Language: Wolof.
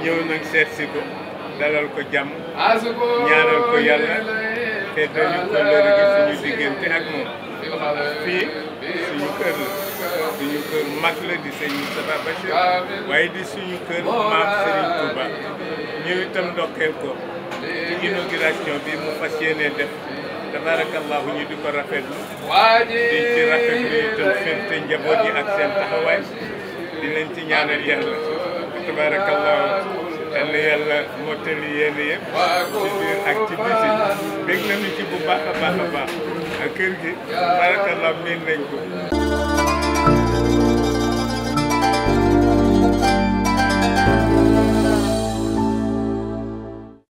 ñëw nag seet ko dalal ko jàmm ñaanal ko yàlla te dañu ko lëri suñu diggante ak moom fii suñu kër la suñu kër mag la di sëñ Moustapha Bachir waaye di suñu kër maam Serigne Touba ñëw itam ndokkeel ko ci inauguration bi mu fas yéene def tabarakallahu ñu di ko rafetlu di ci rafetlu itam fente njaboot yi ak seen taxawaay di leen ci ñaanal yàlla tabarakallahu mottali yéen yëpp ci biir ak ci biti bég nañu ci bu baax a baax a baax kër gi barakallah miin nañ ko